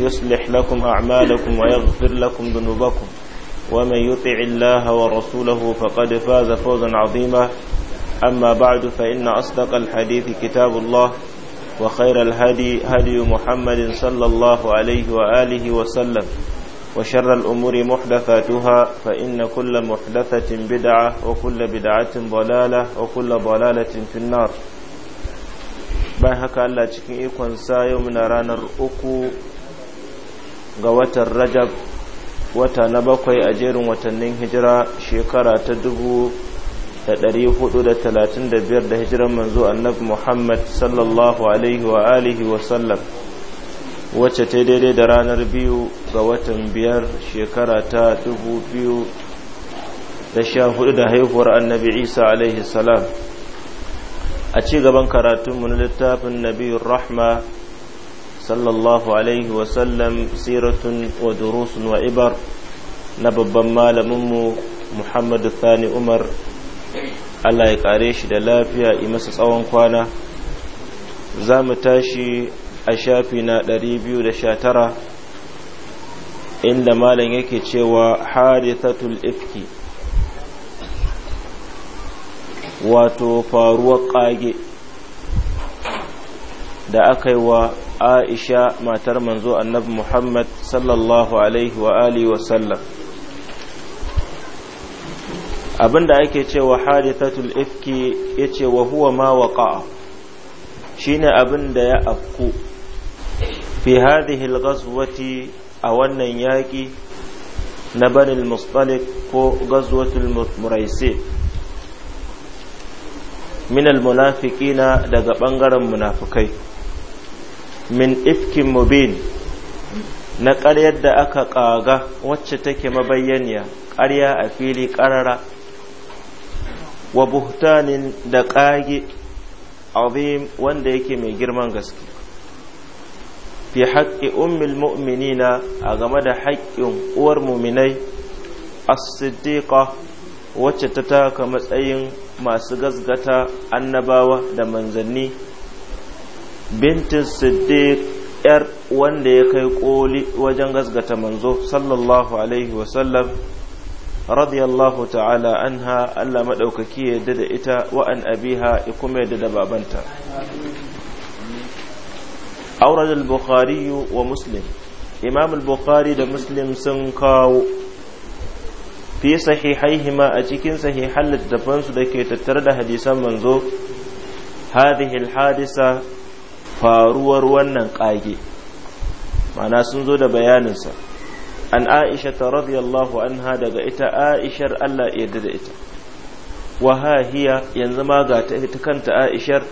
يصلح لكم أعمالكم ويغفر لكم ذنوبكم ومن يطع الله ورسوله فقد فاز فوزا عظيما أما بعد فإن أصدق الحديث كتاب الله وخير الهدي هدي محمد صلى الله عليه وآله وسلم وشر الأمور محدثاتها فإن كل محدثة بدعة وكل بدعة ضلالة وكل ضلالة في النار bayan haka Allah cikin ikonsa yau muna ranar uku ga watan rajab wata na bakwai a jerin watannin hijira shekara ta dubu da dari hudu da talatin da biyar da hijiran manzo annabi muhammad sallallahu alaihi wa alihi wa sallam wacce ta daidai da ranar biyu ga watan biyar shekara ta dubu biyu da sha hudu da haihuwar annabi isa alaihi salam a ci gaban karatunmu na littafin nabiyu rahma صلى الله عليه وسلم سيرة ودروس وعبر نبب مال ممو محمد الثاني عمر Allah ya kare shi da lafiya yi masa tsawon kwana za mu tashi a shafi na 219 inda malam yake cewa harithatul ifki wato faruwar kage da aka yi wa aisha matar manzo annabi muhammad sallallahu alaihi wa alihi wasallam da ake cewa hadithatul ifki yace wa huwa ma ne abin da ya afku fi hadhihi al a wannan yaki na banil mustalik ko ghazwatul muraisi Minal al daga ɓangaren munafikai min ifkin mubin na ƙaryar da aka ƙaga wacce take mabayyaniya ƙarya a fili ƙarara wa buhtanin da ƙage azim wanda yake mai girman gaske fi haƙƙi ummil mu'minina a game da haƙƙin uwar muminai as-siddiqa wacce ta taka matsayin masu gazgata annabawa da manzanni bintin siddiq yar wanda ya kai koli wajen gasgata manzo sallallahu alaihi wasallam radiyallahu ta'ala anha Allah maɗaukaki yadda da ita an abiha ya kuma yadda da babanta aurad al-bukhari wa muslim imam al-bukhari da muslim sun kawo fi sahihaihima a cikin sahihan littafansu da ke tattare da hadisan manzo hadhihi hadisa faruwar wannan ƙage mana sun zo da bayaninsa an aisha ta radiyallahu anha daga ita aishar Allah yadda da ita wahahiya yanzu ma ga ta ita kanta aishar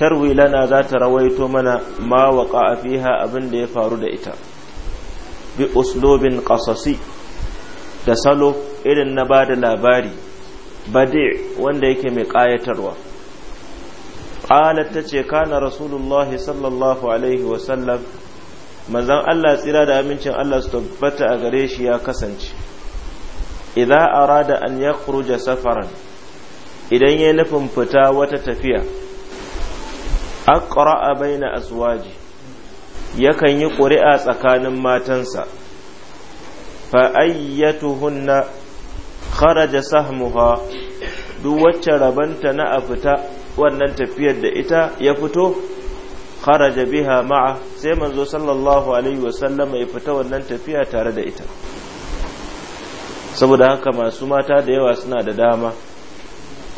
tarwi lana za ta rawaito mana ma a fiha abin da ya faru da ita bi uslobin ƙasasi. da salo irin na ba da labari badi wanda yake mai ƙayatarwa qalat tace kana rasulullahi sallallahu alaihi wa sallam manzon Allah tsira da amincin Allah su tabbata a gare shi ya kasance idza arada an yakhruja safaran idan ya nufin fita wata tafiya a baina aswaji yakan yi ƙuri'a tsakanin matansa fa ayyatuhunna kharaja sahmuha duk wacce rabanta na a fita wannan tafiyar da ita ya fito kharaja biha ma'a sai manzo sallallahu alaihi wasallam ya fita wannan tafiya tare da ita saboda haka masu mata da yawa suna da dama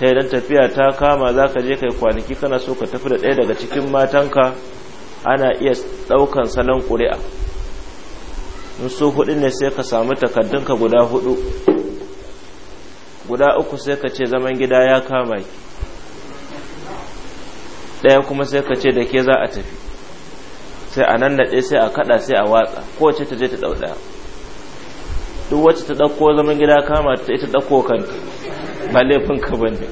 ta idan tafiya ta kama zaka je kai kwanaki kana so ka tafi da ɗaya daga cikin matanka ana iya ɗaukan salon ƙuri'a in so hudu ne sai ka samu takaddunka guda hudu guda uku sai ka ce zaman gida ya kama ki ɗaya kuma sai ka ce da ke za a tafi sai a nan naɗe sai a kaɗa sai a watsa kowace ta je ta ɗau ɗaya duk wacce ta ɗauko zaman gida kama ta ita ɗauko kanta ba laifin ka ba ne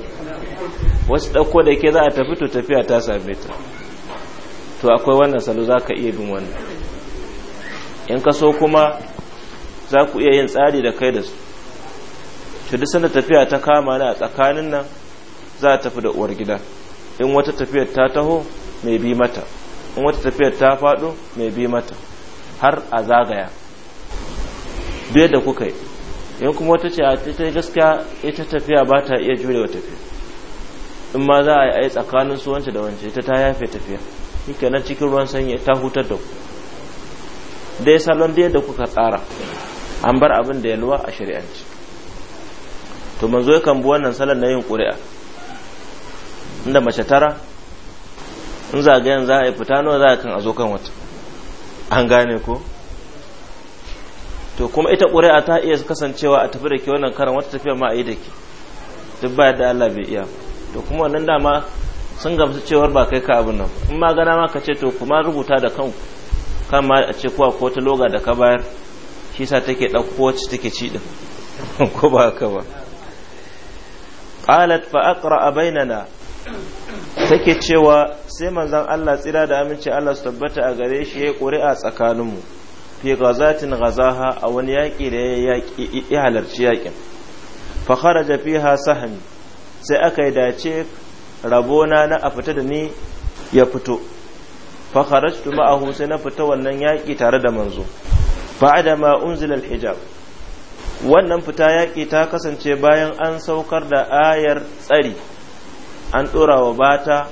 wasu ɗauko da ke za a tafi to tafiya ta same ta to akwai wannan salo za ka iya bin wannan in ka so kuma za ku iya yin tsari da kai da su shi duk sanda tafiya ta kama na a tsakanin nan za a tafi da uwar gida in wata tafiyar ta taho mai bi mata in wata tafiyar ta faɗo mai bi mata har a zagaya duk da kuka yi in kuma wata ce a ta gaskiya ita tafiya ba ta iya jurewa tafiya in ma za a yi a yi tsakanin su wance da wance ita ta yafe tafiya shi kenan cikin ruwan sanyi ta hutar da ku dai salon da yadda kuka tsara an bar abin da yalwa a shari'anci to manzo yakan bi wannan salon na yin ƙuri'a inda mace tara in zagayen za a yi fita nawa za a kan a zo kan wata an gane ko to kuma ita ƙuri'a ta iya kasancewa a tafi da ke wannan karan wata tafiya ma a yi da ke duk ba da Allah bai iya to kuma wannan dama sun gamsu cewar ba kai ka abin nan in ma gana ma ka ce to kuma rubuta da kanku kan ma a ce kuwa ko ta loga da ka bayar shi sa take ɗauko wacce take ci ɗin ko ba haka ba bainana take cewa sai manzon Allah tsira da aminci Allah su tabbata a gare shi yayi ƙuri'a tsakaninmu fi ghazatin ghazaha a wani yaƙi da ya halarci yaƙin fa kharaja fiha sahmi sai aka yi dace rabona na a fita da ni ya fito fa kharajtu ma'ahu sai na fita wannan yaƙi tare da manzo ba'da ma unzila hijab wannan fita yaƙi ta kasance bayan an saukar da ayar tsari an ɗora wa bata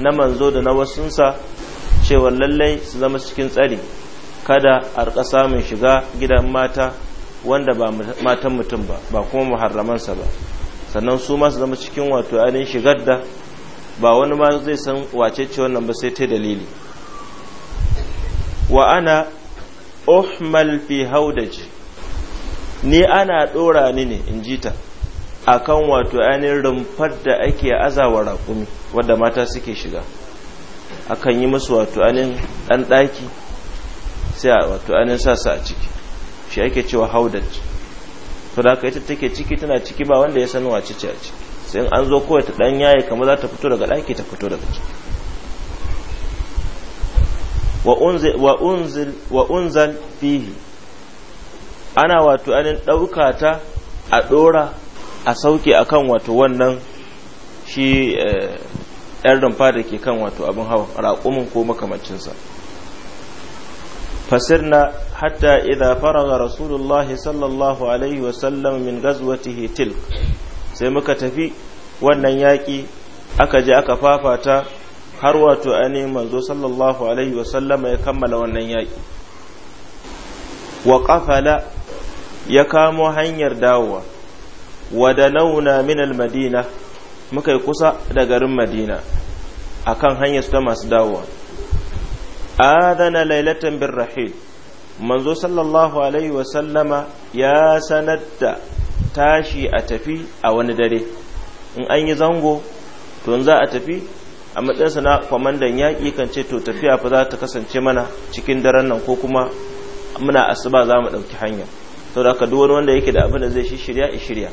na manzo da na wasunsa cewa lallai su zama cikin tsari kada a rika samun shiga gidan mata wanda ba matan mutum ba ba kuma muharramansa ba sannan su ma su zama cikin wato ainihin shigar da ba wani ma zai san wace ce wannan ba sai ta dalili wa ana uhmal fi haudaji ni ana ɗora ni ne in ji ta akan wato ainihin rumfar da ake azawa raƙumi wadda mata suke shiga akan yi musu wato ainihin ɗan ɗaki sai wato ainihin sa su a ciki shi ake cewa haudat to da ita take ciki tana ciki ba wanda ya san wace ce a ciki sai an zo kowai ta ɗan yaye kamar za ta fito daga ɗaki ta fito daga ciki wa unzal fihi ana wato ainihin ɗauka ta a ɗora a sauke a kan wato wannan shi eh, ɗan rumfa da ke kan wato abin hawa raƙumin ko makamancinsa fasirna hatta fara faraga rasulullah sallallahu alaihi wasallam min gazwatihi hitil sai muka tafi wannan yaƙi aka je aka fafata har wato ne manzo sallallahu alaihi wasallam ya kammala wannan yaƙi wa ƙafala ya kamo hanyar dawowa wadanauna min madina muka yi kusa da garin madina akan hanyar ta masu dawowa adana lailatan bin rahil manzo sallallahu alaihi wasallama ya sanar da tashi a tafi a wani dare in an yi zango to za a tafi a matsayinsa na kwamandan yaƙi kan ce to tafiya fa za ta kasance mana cikin daren nan ko kuma muna asuba za mu ɗauki hanya saboda ka wanda yake da abin da zai shi shirya shirya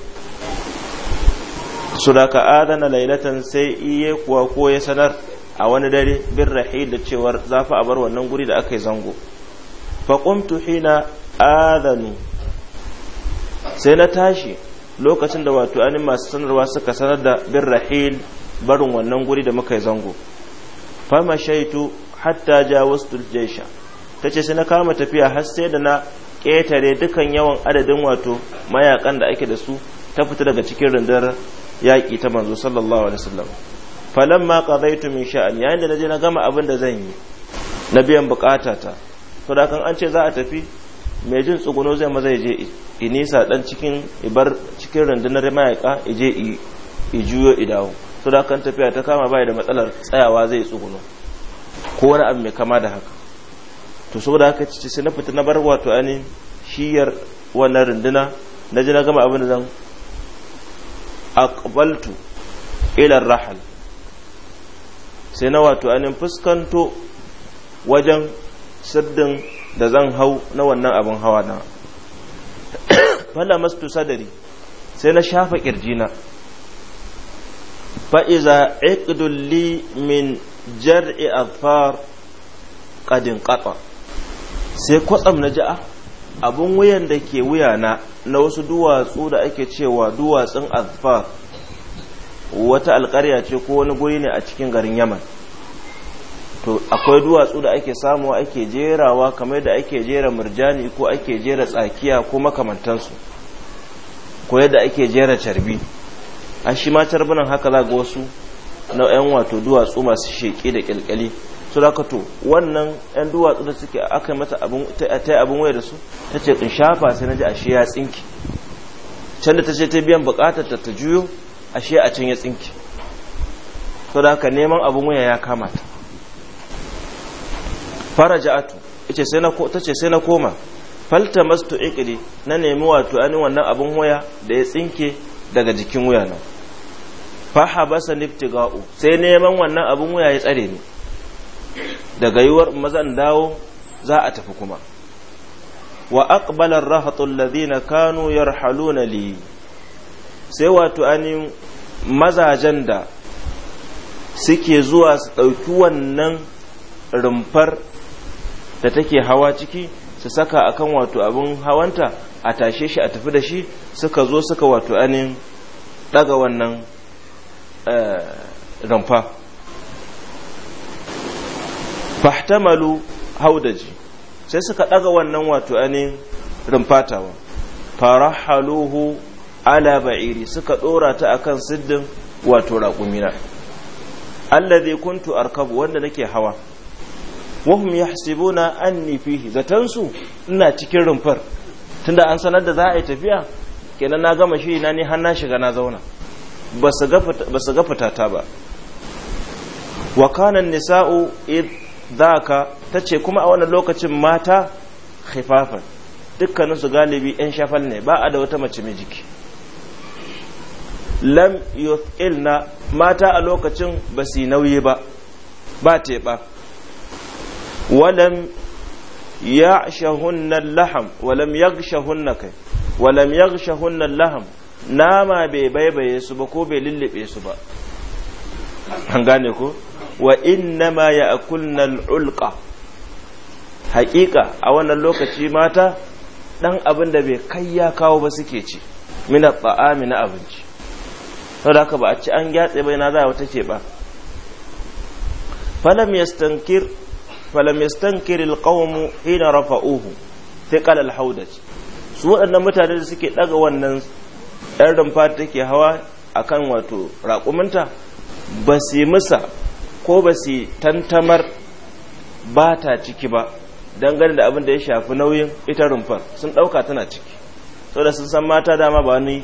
su da ka adana lailatan sai iya kuwa ko ya sanar a wani dare bin rahi da cewar zafi a bar wannan guri da aka yi zango faƙumtu hina adanu sai na tashi lokacin da wato anin masu sanarwa suka sanar da bin rahil barin wannan guri da muka yi zango fama shaitu hatta ja wasu ta ce sai na kama tafiya har sai da na ƙetare dukan yawan adadin wato mayakan da ake da su ta fita daga cikin rundunar yaƙi ta manzo sallallahu alaihi wasallam falamma qadaytu min sha'ani yayin da naje na gama abin da zan yi na biyan bukatata to da kan an ce za a tafi mai jin tsuguno zai ma zai je inisa dan cikin ibar cikin rundunar mayaka ya je i juyo i dawo to da kan tafiya ta kama bai da matsalar tsayawa zai tsuguno ko wani abu mai kama da haka to saboda haka ce sai na fita na bar wato ani shiyar wannan runduna na ji na gama abin da zan aqbaltu ila rahal sai na wato anin fuskanto wajen sirdin da zan hau na wannan abin hawa na fala mastu sadari sai na shafa kirjina fa'iza iqdulli min jar'i afar qadin qata sai kwatsam na ja'a ah, abin wuyan da ke wuyana na wasu duwatsu da ake cewa duwatsun azfar wata alkarya ce ko wani guri ne a cikin garin yaman to akwai duwatsu da ake samuwa ake jerawa kamar da ake jera murjani ko ake jera tsakiya ko makamantansu ko yadda ake jera carbi a shi ma carbunan haka za ga wasu na 'yan wato duwatsu masu sheƙi da ƙilƙali. su to wannan yan duwatsu da suke aka mata ta yi abin waya da su ta ce in shafa sai na ji ashe ya tsinki can da ta ce ta biyan bukatar ta juyo ashe a can ya tsinki su da haka neman abin waya ya kamata faraja'atu ita sai na ta ce sai na koma falta mastu ikili na nemi wato ainihin wannan abin waya da ya tsinke daga jikin wuya nan fahabasa niftiga'u sai neman wannan abin waya ya tsare ni daga yiwuwar mazan dawo za a tafi kuma wa aqbala rahatul ladina kanu yarhaluna li sai wato anin mazajen da suke zuwa su ɗauki wannan rumfar da take hawa ciki su saka akan wato abin hawanta a tashe shi a tafi da shi suka zo suka wato anin ɗaga wannan eh, rumfa fahtamalu haudaji sai suka ɗaga wannan wato ne rumfatawa farahaluhu ala ba'iri suka ɗora ta akan siddin wato raƙumina allazi kuntu arkabu wanda nake hawa wahum yahsibuna anni fihi zatansu ina cikin rumfar tunda an sanar da za a yi tafiya kenan na gama shi na ne har na shiga na zauna ba su ga fitata ba wa kana nisa'u id zaka ta ce kuma a wannan lokacin mata khifafan dukkaninsu galibi 'yan shafal ne ba a da wata mace mai jiki lam na mata a lokacin ba su nauyi ba ba ba walam ya shahunna laham walam ya kai walam ya shahunna laham nama bai baibaye su ba ko bai lullube su ba an gane ko wa innama ya al-ulqa haƙiƙa a wannan lokaci mata ɗan abin da bai kai ya kawo ba suke ci min at mina abinci saboda haka ba a ci an gyatse bai na za wata ce ba falam kiril falam ina al uhu sai rafa'uhu thiqal su waɗannan mutane da suke ɗaga wannan ɗan rumfa take hawa akan wato raƙuminta ba su yi musa ko ba su tantamar ba ta ciki ba dangane da abin da ya shafi nauyin ita rumfar sun ɗauka tana ciki saboda sun san mata dama ba wani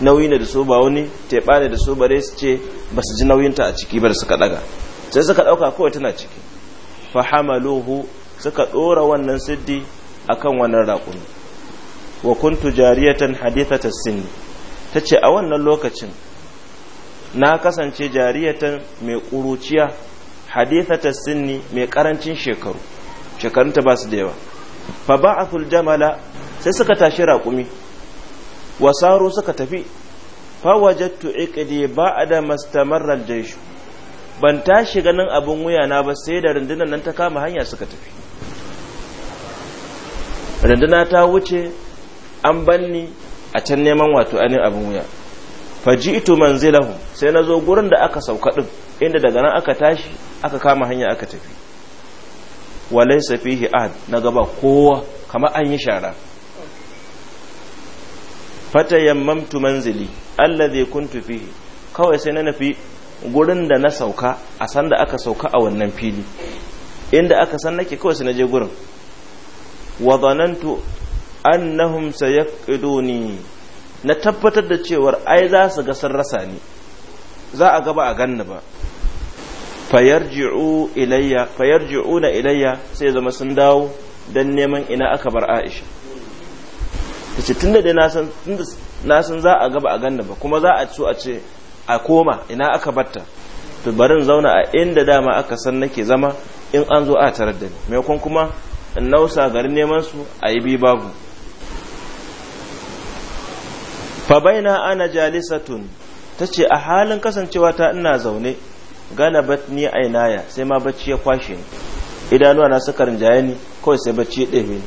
nauyi ne da su ba wani teɓa ne da su bare su ce ba su ji nauyinta a ciki ba da suka ɗaga sai suka ɗauka kawai tana ciki fahamaluhu suka ɗora wannan siddi akan wannan raƙumi wa kuntu jariyatan hadithatas sinni ce a wannan lokacin na kasance jariyatan mai ƙuruciya hadithata sinni mai ƙarancin shekaru shekarunta ba su da yawa fa ba'athul jamala sai suka tashi raƙumi wasaru suka tafi fa wajadtu iqdi da mastamarra al ban tashi ganin abun wuya na ba sai da rundunar nan ta kama hanya suka tafi runduna ta wuce an banni a can neman wato ainihin abin wuya faji'tu manzilahu sai nazo gurin da aka sauka din inda daga nan aka tashi aka kama hanya aka tafi walaysa fihi ahad na gaba kowa kamar an yi shara fatayammamtu manzili alladhi kuntu fihi kawai sai na nafi gurin da na sauka a san da aka sauka a wannan fili inda aka san nake kawai sai na je gurin wa dhanantu annahum sayaqiduni na tabbatar da cewar ai za su ga sun rasa ni za a gaba a ganni ba fayarji'u ilayya fayarji'una ilayya sai zama sun dawo don neman ina aka bar Aisha tace tunda da na san tunda na san za a gaba a ganna ba kuma za a so a ce a koma ina aka batta to barin zauna a inda dama aka san nake zama in an zo a tarar da ni maimakon kuma in nausa garin neman su a yi bi babu fa baina ana jalisatun tace a halin kasancewa ta ina zaune galabat ni ainaya sai ma bacci ya kwashe ni idanuwa na suka rinjaye ni kawai sai bacci ya ɗebe ni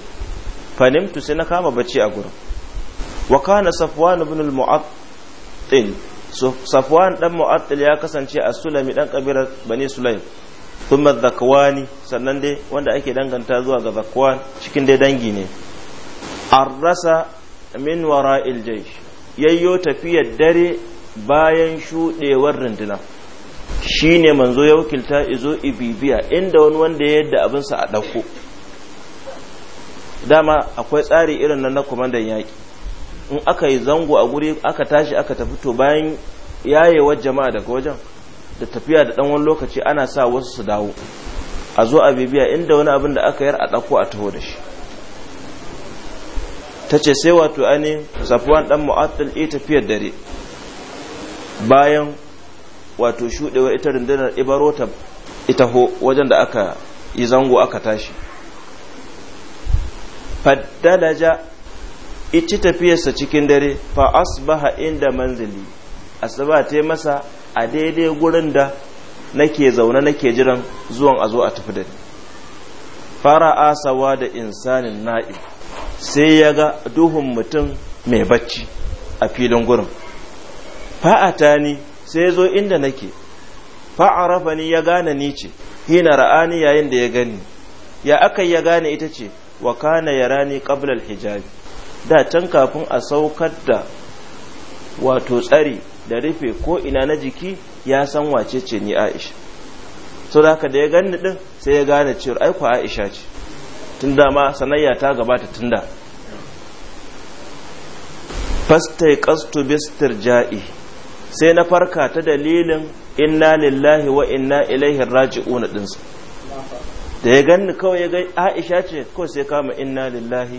fanimtu sai na kama bacci a gurin wa kana safwan ibn al-mu'attil safwan dan mu'attil ya kasance a sulami dan kabilar bani sulaim kuma zakwani sannan dai wanda ake danganta zuwa ga zakwan cikin dai dangi ne arrasa min wara'il jaysh yayyo tafiyar dare bayan shuɗewar runduna shi ne manzo ya wakilta izo ibibiya inda wani wanda ya yadda abinsa a ɗauko dama akwai tsari irin nan na kwamandan yaƙi in aka yi zango a guri aka tashi aka tafi to bayan yayewar jama'a daga wajen da tafiya da ɗan wani lokaci ana sa wasu su dawo a zo a bibiya inda wani abin da aka yar a ɗauko a taho da shi ta ce sai wato ainihin safuwan dan mu'attal iya tafiyar dare bayan wato shuɗewar ita rundunar ibarota ita ho wajen da aka yi zango aka tashi faddalaja ici tafiyarsa cikin dare fa asbaha inda manzili asaba ta masa a daidai gurin da nake zaune nake jiran zuwan a zo a tafi dare fara asawa da insanin na'ib sai ya ga duhun mutum mai bacci a filin gurin fa'ata ni sai zo inda nake fa'arafa ni ya gane ni ce hina ra'ani yayin da ya gani ya aka ya gane ita ce wa kana ya rani ƙablal hijabi da can kafin a saukar da wato tsari da rufe ko ina na jiki ya san wace ce ni aisha sau da ka da ya gani din sai ya gane cewar aiko aisha ce tun dama sanayya ta gabata tun da fastai kastu bistir ja'i sai na farka ta dalilin inna lillahi wa inna ilaihi raji'una ɗinsa. da ya ganni kawai ya ga aisha ce ko sai kama inna lillahi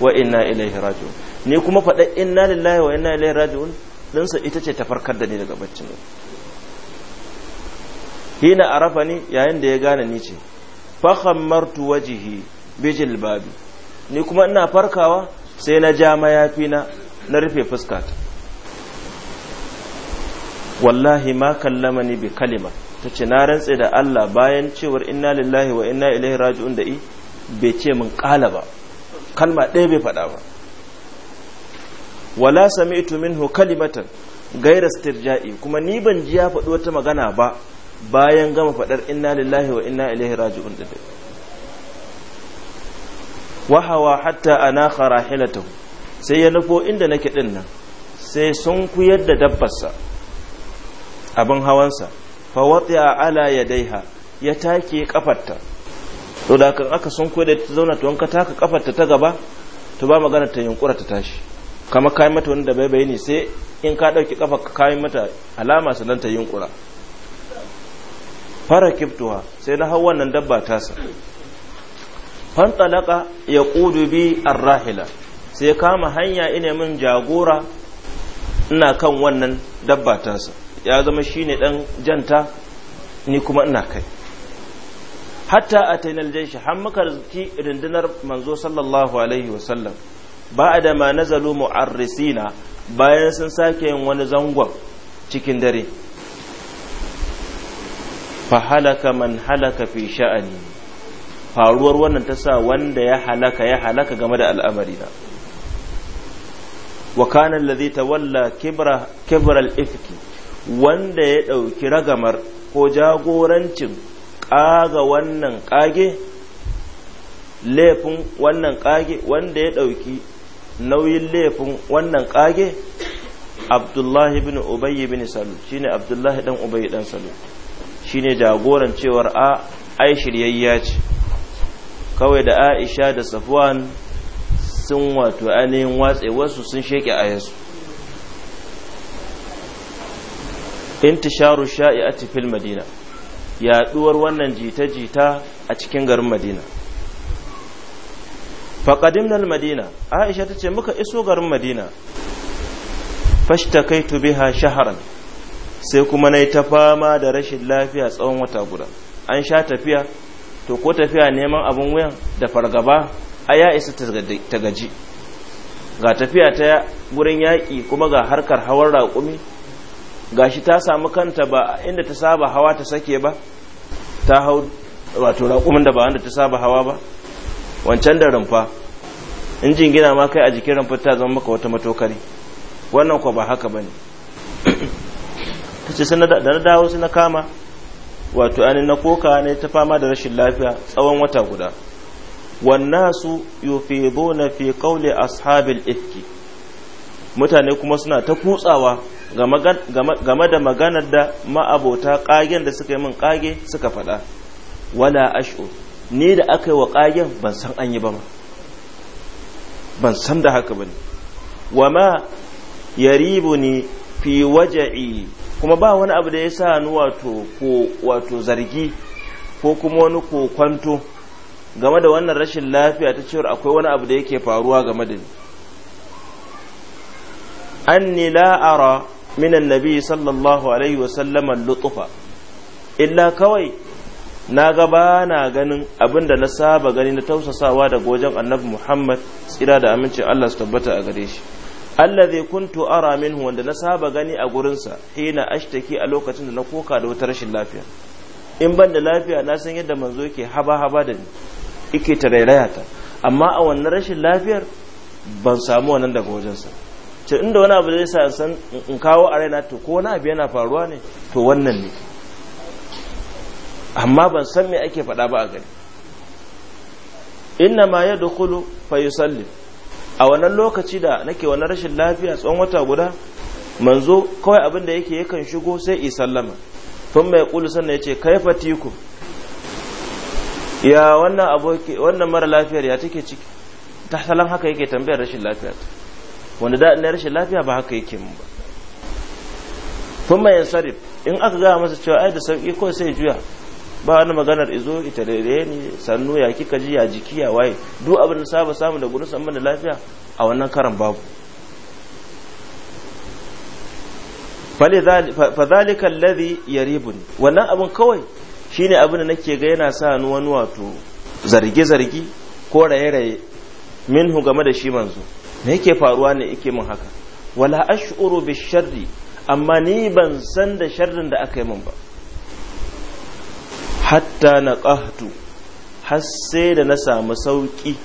wa inna ilaihi raji'un ni kuma faɗa inna lillahi wa inna ilaihi raji'un dinsa ita ce ta farkar da ni daga baccin hina arafani yayin da ya gane ni ce fakhammartu wajihi bijil babi ni kuma ina farkawa sai na ja mayafi na na rufe fuskata wallahi ma kallamani ni bi kalima ta ce na rantse da Allah bayan cewar inna lillahi wa inna ilaihi raji'un da i bai ce min kala ba kalma ɗaya bai faɗa ba wala sami'tu minhu kalimatan gaira stirja'i kuma ni ban ji ya faɗi wata magana ba bayan gama faɗar inna lillahi wa inna ilaihi raji'un da dai wahawa hatta ana kharahilatahu sai ya nufo inda nake din nan sai sun kuyar da dabbarsa abin hawansa fa wati'a ala yadaiha ya take kafarta to da kan aka sun kuyar da ta zauna to ka taka kafarta ta gaba to ba magana ta yunkura ta tashi kama kai mata wani da bai ne sai in ka dauki kafa ka kai mata alama sannan ta yunkura fara kiftuwa sai na hau wannan dabba tasa fantalaka ya ƙudu bi arrahila sai ya kama hanya ina min jagora ina kan wannan dabba ya zama shi ne ɗan janta ni kuma ina kai hatta a tainal jaishi har ki rindunar manzo sallallahu alaihi wasallam ba a da ma nazalu mu'arrisina bayan sun sake yin wani zangon cikin dare fa halaka man halaka fi sha'ani faruwar wannan ta sa wanda ya halaka ya halaka game da al'amari na wa kana allazi tawalla kibra kibra ifki wanda ya dauki ragamar ko jagorancin kaga wannan kage laifin wannan kage wanda ya ɗauki nauyin laifin wannan ƙage abdullahi bin ubayy bin salul shine abdullahi dan ubayy dan salul shine jagoran cewar a ai shiryayya ce kawai da aisha da safwan sun wato ainihin watse wasu sun sheke a ayyansu intisharu a tifil madina yaduwar wannan jita-jita a cikin garin madina na madina aisha ta ce muka iso garin madina fashta kai biha shaharan sai kuma na yi ta fama da rashin lafiya tsawon wata guda an sha tafiya to ko tafiya neman abin wuyan da fargaba a ya isa ta gaji ga tafiya ta wurin yaƙi kuma ga harkar hawan raƙumi ga shi ta samu kanta ba inda ta saba hawa ta sake ba ta hau wato raƙumin da ba wanda ta saba hawa ba wancan da rumfa injin gina ma kai a jikin rumfa ta zama maka wata matokari wannan kwa ba haka ba ne da na dawo su na kama wato ainihin na koka ne ta fama da rashin lafiya tsawon wata guda wannasu yufiduna fi qawli ashabil ifki mutane kuma suna ta kutsawa game da maganar da ma'abota kagen da suka yi min kage suka faɗa wala ashu ni da aka yi wa kagen ban san an ba ban san da haka ba ne wa ma yaribu ni fi waja'i kuma ba wani abu da ya sa ni wato zargi ko kuma wani kokwanto game da wannan rashin lafiya ta cewar akwai wani abu da yake faruwa game da ni An ni la'ara minan nabi sallallahu alaihi wa lutufa illa kawai na ga bana na ganin abin da na saba gani na tausasawa daga wajen annabi muhammad tsira da amincin allah su tabbata a gare shi allazi kuntu ara minhu wanda na saba gani a gurinsa hina ashtaki a lokacin da na koka da wata rashin lafiya in ban da lafiya na san yadda manzo yake haba haba da ni yake tarairaya ta amma a wannan rashin lafiyar ban samu wannan daga wajensa ce inda wani abu zai sa san in kawo a raina to ko wani abu yana faruwa ne to wannan ne amma ban san me ake faɗa ba a gani inna ma ya dukulu fa yusallim a wannan lokaci da nake wannan rashin lafiya tsawon wata guda manzo kawai abin da yake yakan shigo sai i sallama tun mai kulu sannan ya ce kai fatiku ya wannan aboki wannan mara lafiyar ya take ciki ta salam haka yake tambayar rashin lafiya wanda da ina rashin lafiya ba haka yake mu ba tun mai yansarif in aka gaya masa cewa ai da sauki kawai sai juya ba wani maganar izo ita daidai ne sannu ya kika ji ya jiki ya waye duk abin da saba samu da gudu samu da lafiya a wannan karan babu fadhalika alladhi yaribun wannan abin kawai shine abin da nake ga yana sa ni wani wato zarge zargi ko raye raye minhu game da shi manzo me yake faruwa ne yake min haka wala ash'uru sharri amma ni ban san da sharrin da aka yi min ba hatta na ƙahtu har sai da na samu sauƙi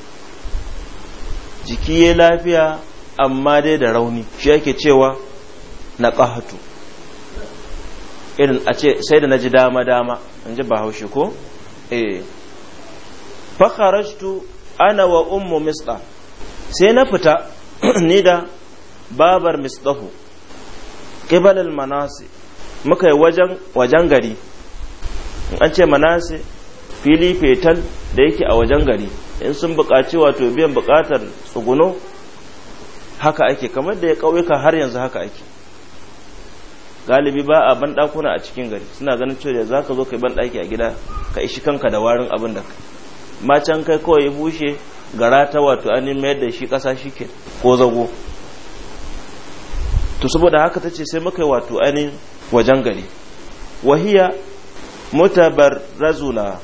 jiki ya lafiya amma dai da rauni shi yake cewa na ƙahtu irin a ce sai da na ji dama-dama in ji bahaushe ko? eh fakarashtu ana wa ummu misɗa sai na fita ni da babar misɗahu ƙibalin manasi muka yi wajen gari in an ce manase fili fetal da yake a wajen gari in sun buƙaci wato biyan buƙatar tsuguno haka ake kamar da ya ƙauyuka har yanzu haka ake galibi ba a banɗakuna a cikin gari suna ganin cewa za ka zo ka yi banɗaki a gida ka ishi kanka da warin abin da ma can kai kawai ya bushe gara ta wato an mayar da shi ƙasa shi ke ko zago to saboda haka ta ce sai muka yi wato ainihin wajen gari wahiya mutabarrazula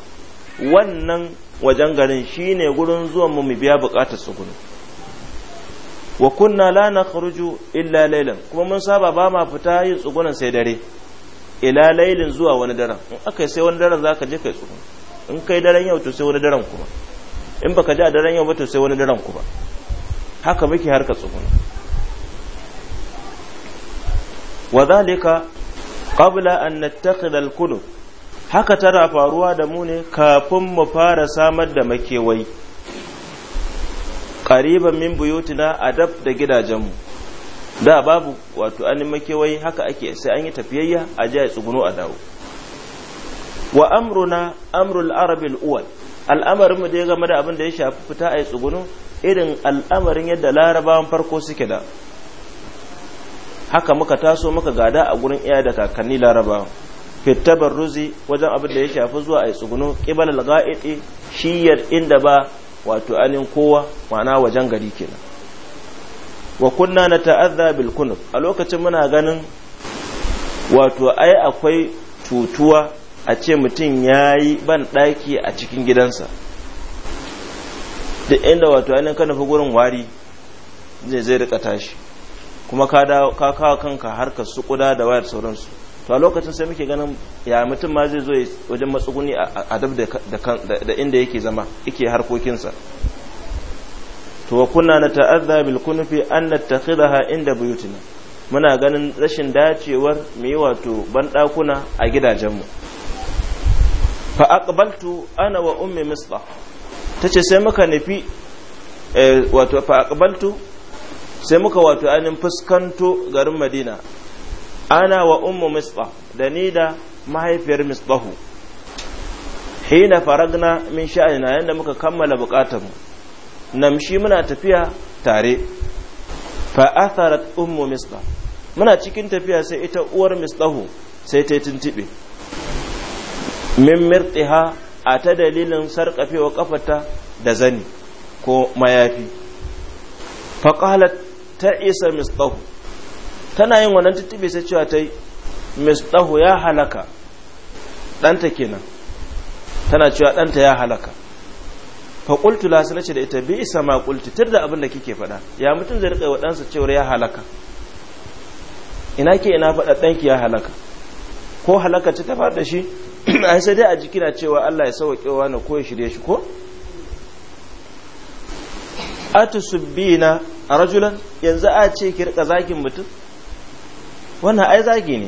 wannan wajen garin shine gurin zuwan mu mu biya bukatar su gurin wa kunna la nakhruju illa laylan kuma mun saba ba ma fita yin tsugunan sai dare ila laylin zuwa wani daren in akai sai wani daren zaka je kai tsugun in kai daren yau to sai wani daren kuma in baka je a daren yau ba to sai wani daren kuma haka muke harka tsugun wa zalika qabla an nattakhidha al-kulub haka tana faruwa da mu ne kafin mu fara samar da makewai ƙariban min buyutina a dab da gidajenmu da babu wato an makewai haka ake sai an yi tafiyayya a jiya tsuguno a dawo wa amruna amrul arabil uwal al'amarin mu da ya game da abin da ya shafi fita a yi tsuguno irin al'amarin yadda larabawan farko suke da haka muka taso muka gada a gurin iya da kakanni larabawa fitabar ruzi wajen abin da ya shafi zuwa a tsugunu ƙibar alga'idi shiyar inda ba wato anin kowa ma'ana wajen gari kenan wa kunna na ta'adda bil kunuf a lokacin muna ganin wato ai akwai tutuwa a ce mutum ya yi ban ɗaki a cikin gidansa duk inda wato ainihin ka nufi gurin wari zai zai rika tashi kuma ka kawo kanka harka su kuda da wayar sauransu to a lokacin sai muke ganin ya mutum ma zai zo wajen matsuguni a dab da inda yake zama yake harkokinsa to wa kunna na ta'adda bil kunfi an nattakhidaha inda buyutina muna ganin rashin dacewar mu yi wato bandakuna a gidajenmu fa aqbaltu ana wa ummi misla tace sai muka nufi eh, wato fa aqbaltu sai muka wato anin fuskanto garin madina ana wa ummu misbah da ni da mahaifiyar misbahu hina faragna min na yadda muka kammala bukatanmu namshi muna tafiya tare fa atharat ummu misbah muna cikin tafiya sai ita uwar misbahu sai ta tuntube min mirtiha a ta dalilin wa ƙafata da zani ko mayafi fa ta isa misbahu tana yin wannan tuttube sai cewa ta yi misdahu ya halaka ɗanta kenan tana cewa ɗanta ya halaka faƙultu lasu ce da ita bi isa ma ƙulti tur abin da kike faɗa ya mutum zai riƙa waɗansa cewar ya halaka ina ke ina faɗa ɗanki ya halaka ko halaka ce ta faɗa shi an sai dai a jiki na cewa Allah ya sauƙe wa na ko ya shirye shi ko atusubina rajulan yanzu a ce ki riƙa zakin mutum wannan ai zagi ne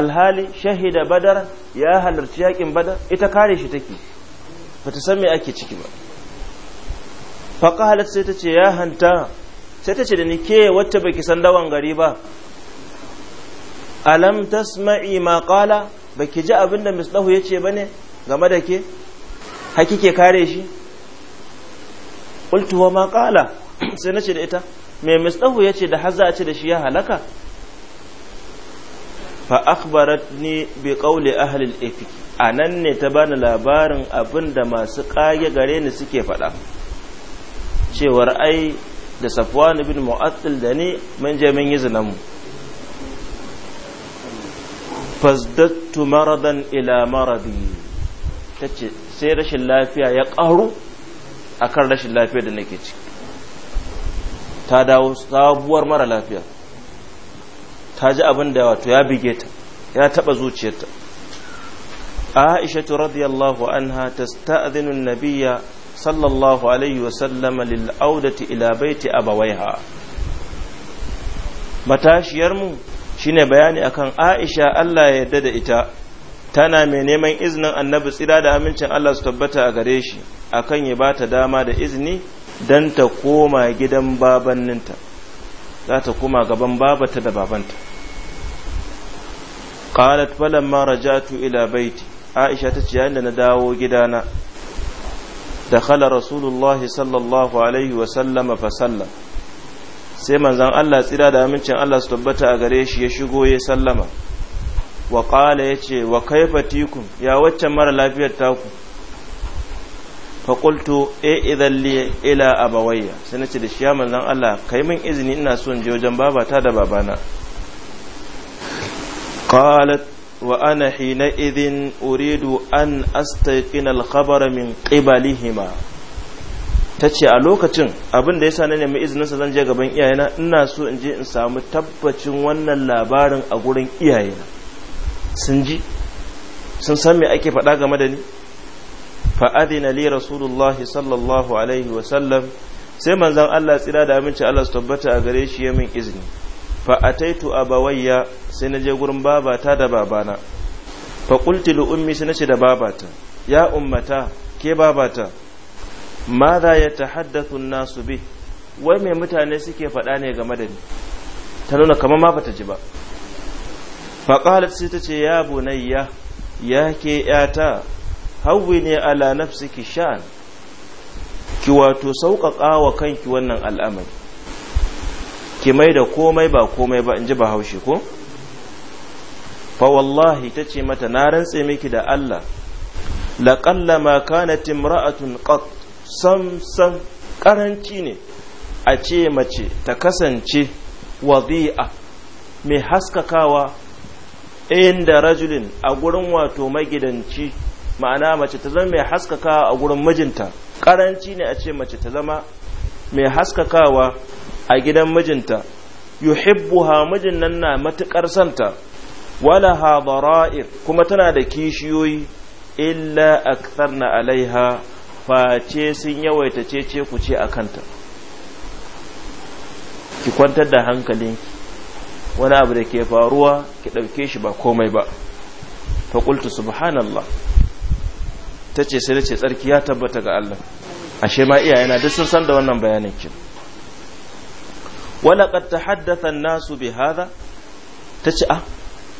alhali shahida badar ya halarci yakin badar ita kare shi take bata san me ake ciki ba faqalat sai tace ya hanta sai tace da ni ke wacce baki san dawan gari ba alam tasma'i ma qala baki ji abinda mislahu yace bane game da ke hakike kare shi qultu wa ma qala sai nace da ita me mislahu yace da har za a ce da shi ya halaka fa ni bi qawli ahli al-ifk anan ne ta bani labarin abin da masu kage gare suke faɗa cewar ai da Safwan ibn Mu'attil da ni mun je mun yi zinan mu fazdattu maradan ila maradi tace sai rashin lafiya ya ƙaru akan rashin lafiya da nake ciki ta dawo sabuwar mara lafiya ta ji abin da wato ya bige ta ya taba zuciyarta aishatu radiyallahu anha tasta'dhinu an-nabiyya sallallahu alaihi wa sallam lil audati ila baiti abawaiha matashiyar mu shine bayani akan Aisha Allah ya yarda da ita tana mai neman iznin annabi tsira da amincin Allah su tabbata a gare shi akan ya bata dama da izini dan ta koma gidan babanninta za ta koma gaban babata da babanta qalat falamma raja'tu ila baiti aisha ta ce yayin da na dawo gidana dakhala rasulullahi sallallahu alaihi wa sallama fa sallam sai manzon Allah tsira da amincin Allah su tabbata a gare shi ya shigo ya sallama wa qala yace wa kaifa tikum ya wacce mara lafiyar taku fa qultu e idan li ila abawayya sai nace da shi ya manzon Allah kai min izini ina son je wajen babata da babana قالت وأنا حينئذ أريد أن أستيقن الخبر من قبلهما ta ce a lokacin abin da ya sa na nemi sa zan je gaban iyayena ina so in je in samu tabbacin wannan labarin a gurin iyayena sun ji sun san me ake faɗa game da ni fa'adina li rasulullah sallallahu alaihi sallam sai manzon Allah tsira da aminci Allah su tabbata a gare shi ya min izini fa'ataitu abawayya sai na je gurin babata da babana fa qulti li ummi sai nace da babata ya ummata ke babata ya tahaddathu an-nasu bi wai me mutane suke faɗa ne game da ni ta nuna kamar ma bata ji ba fa qalat sai tace ya bunayya ya ke yata hawwi ne ala nafsiki sha'an ki wato sauƙaƙa wa kanki wannan al'amari ki mai da komai ba komai ba in ji ba haushe ko fa wallahi ta ce mata na rantse miki da Allah laƙalla ma kanat imra'atun qat sam sam karanci ne a ce mace ta kasance wadi'a mai haskakawa inda rajulin a gurin wato magidanci ma'ana mace ta zama mai haskakawa a gurin mijinta karanci ne a ce mace ta zama mai haskakawa a gidan mijinta yuhibbuha mijin nan na matukar santa wala bara'ir kuma tana da kishiyoyi illa aktharna alaiha face sun yawaita cece ku ce a kanta ki kwantar da hankalinki wani abu da ke faruwa ki ɗauke shi ba komai ba ta ƙultu subhanallah ta ce sai da ce tsarki ya tabbata ga Allah ashe ma iyayena duk sun san da wannan bayanin ki wala qad tahaddatha nasu bi hadha tace ah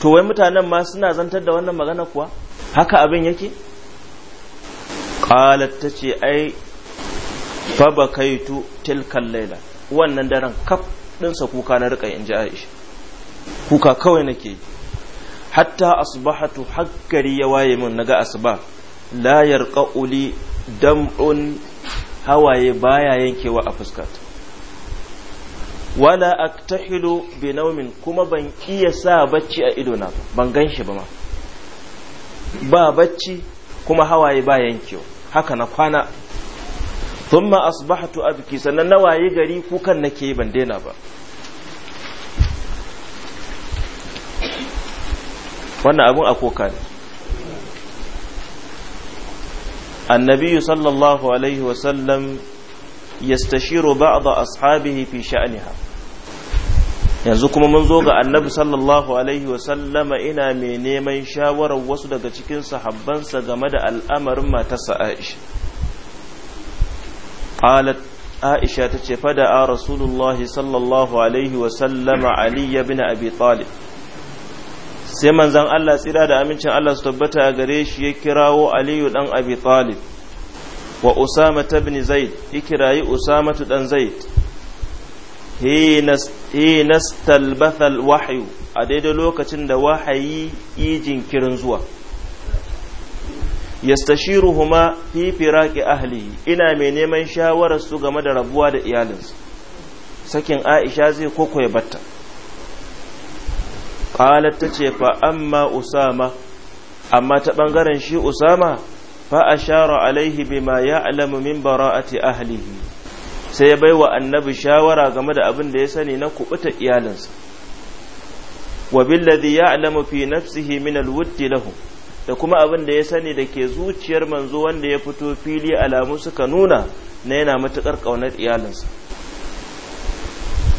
to wai mutanen ma suna zantar da wannan magana kuwa haka abin yake qalat tace ai fa bakaitu tilkan laila wannan daren kaf ɗinsa kuka na rika inji Aisha kuka kawai nake hatta asbahatu hakkari ya waye min naga asba la yarqauli dam'un hawaye baya yankewa a fuskata wala aktahilu bi naumin kuma ban iya sa bacci a ido na ban gan ba ma ba bacci kuma hawaye ba yankewa haka na kwana thumma asbahtu abki sannan na waye gari kukan nake ban daina ba wannan abun a ne annabiyu sallallahu alaihi wasallam yastashiru ba'd ashabihi fi sha'niha yanzu kuma mun zo ga annabi sallallahu alaihi wa sallama ina mai neman shawarar wasu daga cikin sahabbansa game da al'amarin matarsa Aisha qalat Aisha tace fada a Rasulullah sallallahu alaihi wa sallama Ali ibn Abi Talib sai manzon Allah tsira da amincin Allah su tabbata a gare shi ya kirawo Aliyu dan Abi Talib wa usama ta bin zaid ikirayi usama dan zaid hina stalbatha wahayu a daidai lokacin da wahayi yi jinkirin zuwa huma fi ki ahli ina mai neman shawarar su game da rabuwa da iyalinsu sakin aisha zai koko ya batta qalat ce fa amma usama amma ta bangaren shi usama فأشار عليه بما يعلم من براءة أهله sai ya wa annabi shawara game da abin da ya sani na kubuta iyalinsa wa billadhi ya'lamu fi nafsihi min alwudd lahu da kuma abin da ya sani da ke zuciyar manzo wanda ya fito fili alamu suka nuna na yana matukar ƙaunar iyalinsa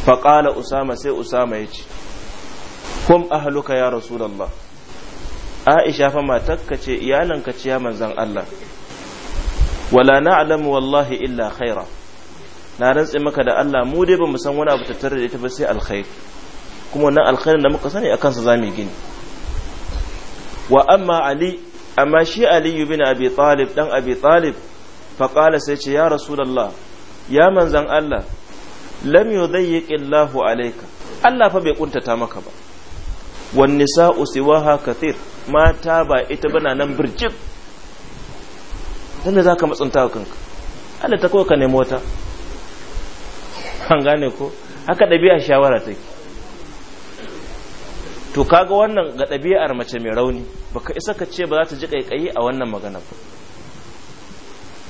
fa usama sai usama ya ce kum ahluka ya rasulallah. aisha fa matakka ce iyalanka ce ya manzan Allah wala na'lamu wallahi illa khaira na rantse maka da Allah mu dai mu san wani abu tattare da ita ba sai alkhair kuma wannan alkhairin da muka sani akan sa zamu gini wa amma ali amma shi ali ibn abi talib dan abi talib fa qala sai ce ya rasulullah ya manzan Allah lam yudayyiq Allahu alayka Allah fa bai kuntata maka ba wan nisa'u siwaha kathir mata ba ita bana nan birjin? dan za ka matsanta kanka Allah ta kawai ka nemo wata an gane ko haka ɗabi'a shawara take to kaga wannan ga ɗabi'ar mace mai rauni baka isa ka ce ba za ta ji kaikayi a wannan magana ba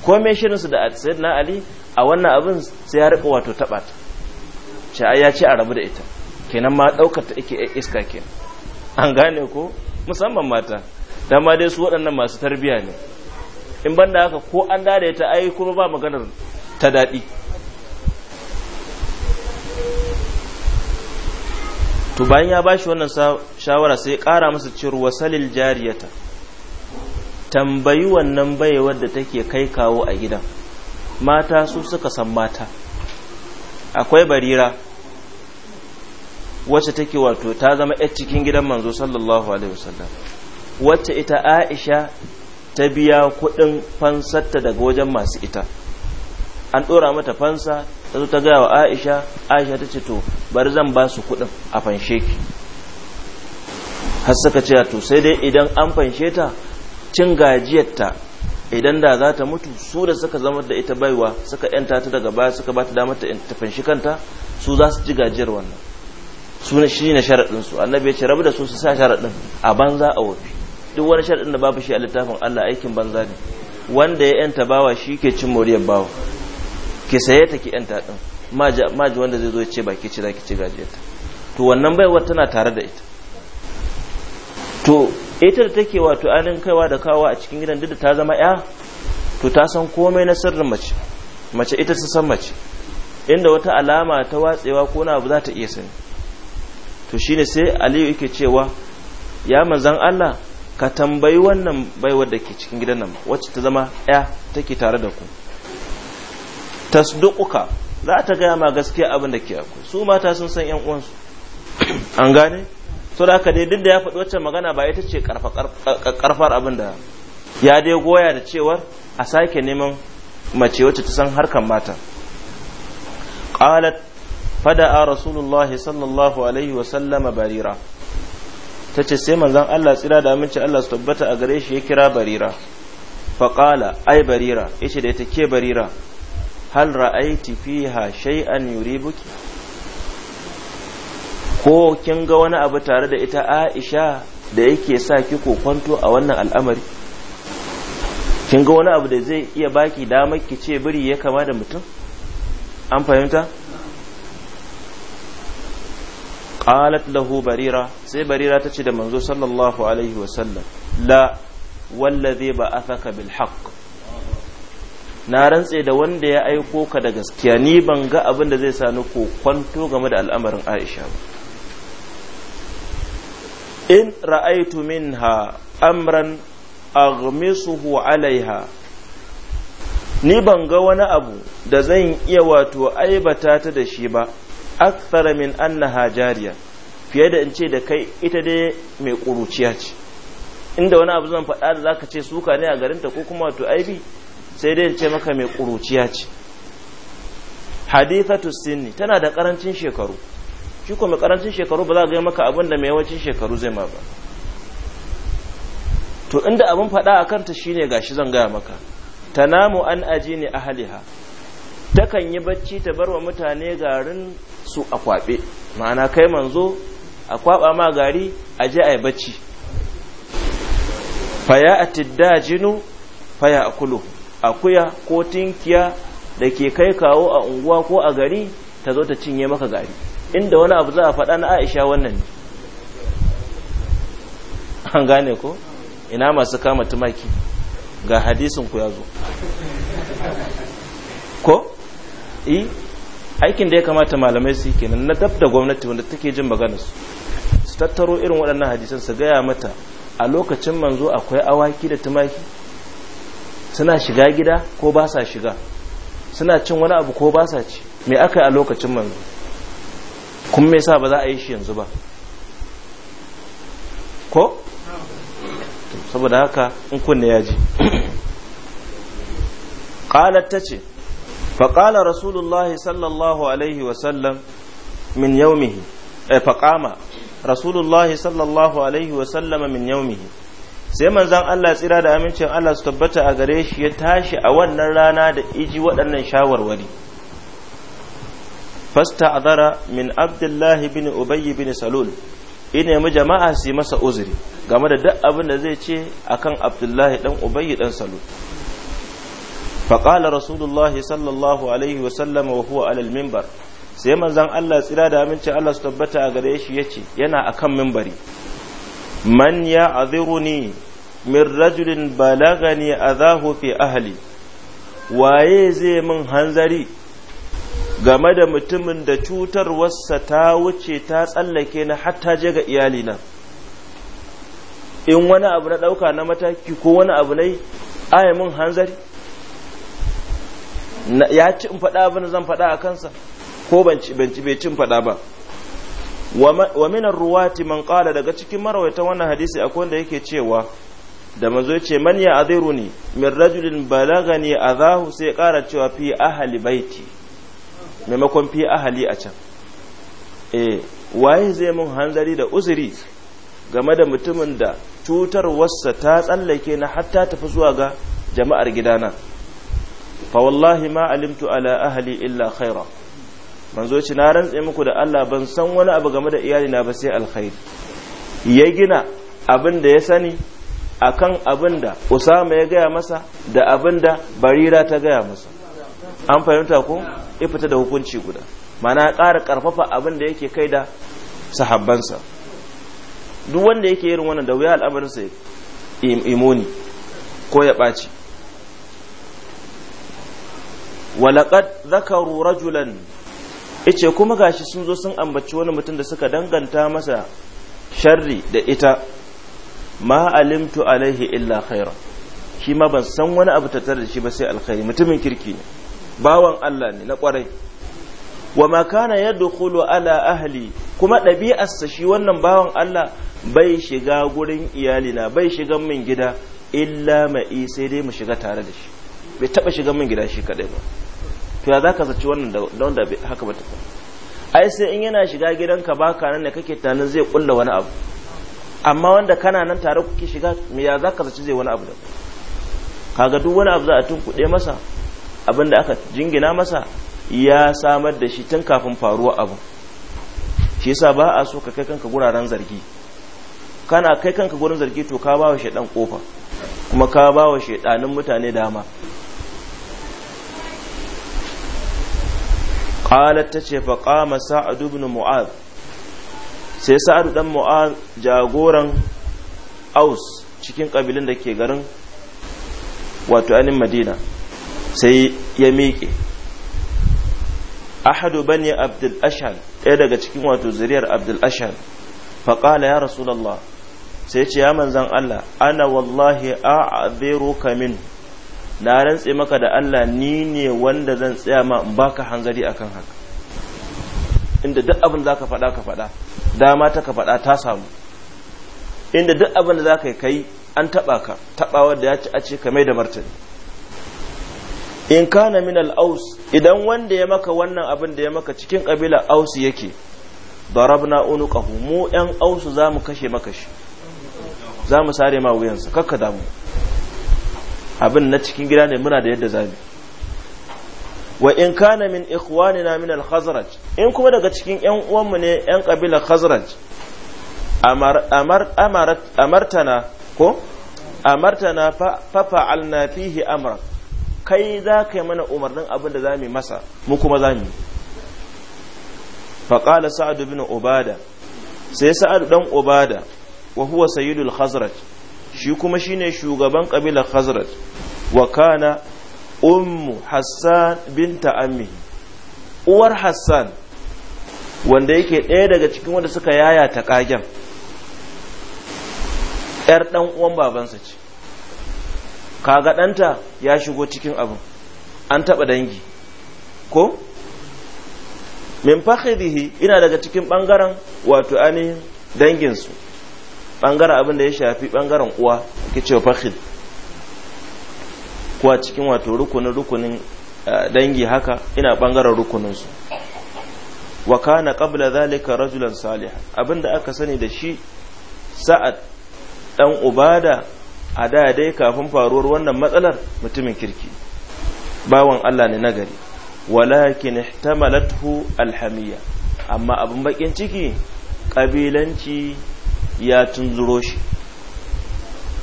komai shirinsu da sayyidina ali a wannan abin sai ya riƙa wato taɓa ta ya ce a rabu da ita kenan ma ɗaukata ta ake iska kenan an gane ko musamman mata dama dai su waɗannan masu tarbiya ne in banda haka ko an dare ta ai kuma ba maganar ta daɗi to bayan ya bashi wannan shawara sai ƙara masa cewar wasalil jariyata tambayi wannan baiwar da take kai kawo a gidan mata su suka san mata akwai barira wacce take wato ta zama yar cikin gidan manzo sallallahu alaihi wasallam wacce ita Aisha ta biya kuɗin fansarta daga wajen masu ita an ɗora mata fansa ta zo ta gaya wa Aisha Aisha ta ce to bari zan ba su kuɗin a fanshe ki har suka ce to sai dai idan an fanshe ta cin gajiyarta idan da za ta mutu su da suka zama da ita baiwa suka yanta ta daga baya suka ba ta damar ta fanshi kanta su za su ji gajiyar wannan suna shi ne sharaɗin su annabi ya ce rabu da su su sa sharaɗin a banza a wofi duk wani sharaɗin da babu shi a littafin Allah aikin banza ne wanda ya yanta bawa shi ke cin moriyar bawa ki saye ta ki yanta din maji wanda zai zo ya ce baki ci zaki ci gajiyarta to wannan baiwar tana tare da ita to ita da take wato ainihin kaiwa da kawo a cikin gidan duk da ta zama ya to ta san komai na sirrin mace mace ita su san mace inda wata alama ta watsewa ko na abu za ta iya sani to shi ne sai aliyu yake cewa ya manzan Allah ka tambayi wannan baiwar da ke cikin gidan nan wacce ta zama ya take tare da ku tasduquka za ta gaya ma gaskiya abin da ke akwai su mata sun san yan uwansu an gane to da haka dai duk da ya faɗi wacce magana ba ita ce karfar abin da ya dai goya da cewar a sake neman mace wacce ta san harkan mata qalat fada'a rasulullahi sallallahu alaihi wa sallama barira ta sai mazan Allah tsira da aminci Allah su tabbata a gare shi ya kira barira qala ai barira yace da ita ke barira hal ra'aiti fiha shay'an yuribuki ko kin ga wani abu tare da ita Aisha da yake sa ki kokonto a wannan al'amari kin ga wani abu da zai iya baki damar ki ce biri ya kama da mutum an fahimta qalat lahu barira sai barira ta ce da manzo sallallahu alaihi wasallam la a ba'athaka bil haqq na rantse da wanda ya aiko ka da gaskiya ni ban ga abin da zai sani ko kwanto game da al'amarin Aisha in ra'aitu minha amran aghmisuhu alaiha ni ban ga wani abu da zan iya wato aibata ta da shi ba akthara min annaha jariya fiye da in ce da kai ita dai mai ƙuruciya ce inda wani abu zan faɗa da zaka ce suka ne a garinta ko kuma wato bi sai dai in ce maka mai ƙuruciya ce hadithatu sinni tana da ƙarancin shekaru shi ko mai ƙarancin shekaru ba za ga maka abin da mai yawancin shekaru zai ma ba to inda abin faɗa a kanta shine gashi zan gaya maka tanamu an aji ne ahliha takan yi bacci ta barwa mutane garin su a kwaɓe ma'ana kai manzo a kwaɓa ma gari a je a yi bacci faya a tidda jinu faya a kulu akuya ko tinkiya da ke kai kawo a unguwa ko a gari ta zo ta cinye maka gari inda wani abu za a faɗa na aisha wannan ne an gane ko ina masu kama tumaki ga hadisin ku ya zo ko? aikin da ya kamata malamai su kenan na dab da gwamnati wanda take jin magana su su tattaro irin waɗannan hadisan su gaya mata a lokacin manzo akwai awaki da tumaki suna shiga gida ko ba sa shiga suna cin wani abu ko ba sa ci me aka yi a lokacin manzo kuma me yasa ba za a yi shi yanzu ba ko saboda haka in kunne ya ji qalat tace faƙala rasulullahi sallallahu alaihi wasallam min yaumihi min yaumihi sai manzan Allah tsira da amincin Allah su tabbata a gare shi ya tashi a wannan rana da iji waɗannan shawarwari fasta azara min abdullahi bin ubayy bin salul ina nemi jama'a su masa uzuri game da duk abin da zai ce akan abdullahi dan ubayy dan salul faƙala rasulullahi sallallahu alaihi wasallam wa huwa alal mimbar sai manzan Allah tsira da aminci Allah su tabbata a gare shi yace yana akan mimbari man ya aziruni min rajulin balagani azahu fi ahli waye zai min hanzari game da mutumin da cutarwarsa ta wuce ta tsallake na hatta je ga iyalina in wani abu na ɗauka na mataki ko wani abu na yi mun hanzari ya ci in faɗa abin zan faɗa a kansa ko ban ci bai cin faɗa ba wa ar ruwati man qala daga cikin marawaita wannan hadisi akwai wanda yake cewa da manzo ya ce man ya aziruni min rajulin balagani azahu sai kara cewa fi ahli baiti maimakon fi ahli a can eh waye zai mun hanzari da uzuri game da mutumin da cutar wasa ta tsallake na hatta tafi zuwa ga jama'ar gidana fa wallahi ma alimtu ala ahli illa khaira manzo ci na rantse muku da Allah ban san wani abu game da iyali na ba sai alkhairi ya gina abin da ya sani akan abin da Usama ya gaya masa da abin da Barira ta gaya masa an fahimta ko ya fita da hukunci guda mana ƙara ƙarfafa abin da yake kai da sahabbansa duk wanda yake irin wannan da wuya al'amarinsa imoni ko ya ɓaci walaƙad zakaru rajulan ice kuma gashi sun zo sun ambaci wani mutum da suka danganta masa sharri da ita ma alimtu alaihi illa khaira shi ma ban san wani abu ta tare da shi ba sai alkhairi mutumin kirki ne bawan Allah ne na kwarai wa ma kana yadkhulu ala ahli kuma ɗabi'arsa shi wannan bawan Allah bai shiga gurin iyalina bai shiga min gida illa ma'i sai dai mu shiga tare da shi bai taba shiga min gida shi kadai ba to ya za ka zaci wannan da wanda haka ba ta ai sai in yana shiga gidanka ka nan ne kake tunanin zai kulla wani abu amma wanda kana nan tare kuke shiga me ya za ka zaci zai wani abu da kaga duk wani abu za a tunkuɗe masa abin da aka jingina masa ya samar da shi tun kafin faruwa abu shi yasa ba a so ka kai kanka guraren zargi kana kai kanka gurin zargi to ka ba wa shaidan kofa kuma ka ba wa mutane dama qalat tace fa qama sa'ad ibn mu'adh sai sa'ad dan mu'adh jagoran aus cikin kabilin da ke garin wato anin madina sai ya miƙe ahadu bani abdul ashal ɗaya daga cikin wato zuriyar abdul ashal qala ya rasulallah sai ce ya manzan allah ana wallahi a'abiruka min na rantse maka da Allah ni ne wanda zan tsaya ma in baka hanzari akan haka inda duk abin za ka faɗa ka faɗa dama ta ka faɗa ta samu inda duk abin da za kai an taɓa ka tabawa da ya ci a ce ka mai da martani in kana min al-aus idan wanda ya maka wannan abin da ya maka cikin kabila aus yake darabna unuqahu mu yan ausu zamu kashe maka shi zamu sare ma wuyansa kakka damu abin na cikin gida ne muna da yadda za mu wa in kana min ikhwanina min al-khazraj in kuma daga cikin ƴan uwanmu ne yan kabilar khazraj amar amar amarat amartana ko amartana fa fa'alna fihi amra kai za kai mana umarnin abin da zamu masa mu kuma za mu fa qala sa'd ibn ubada sai sa'd dan ubada wa huwa sayyidul khazraj shi kuma shine shugaban kabilar khazrat wa kana ummu hassan binta ammi uwar hassan wanda yake ɗaya daga cikin wanda suka yaya ta kagen ‘yar ɗan uwan babansa ce kaga ɗanta ya shigo cikin abin an taɓa dangi ko min fakhidhihi ina daga cikin ɓangaren wato ainihin danginsu bangaren abin da ya shafi bangaren uwa ke cewa kuwa cikin wato rukunin rukunin eh, dangi haka ina bangaren rukuninsu wa kana qabla zalika rajulan salih abinda aka sani da shi sa'ad dan ubada a da dai kafin faruwar wannan matsalar mutumin kirki bawan Allah ne nagari walakin ihtamalathu alhamiyya amma abin bakin ciki kabilanci ya tunzuro shi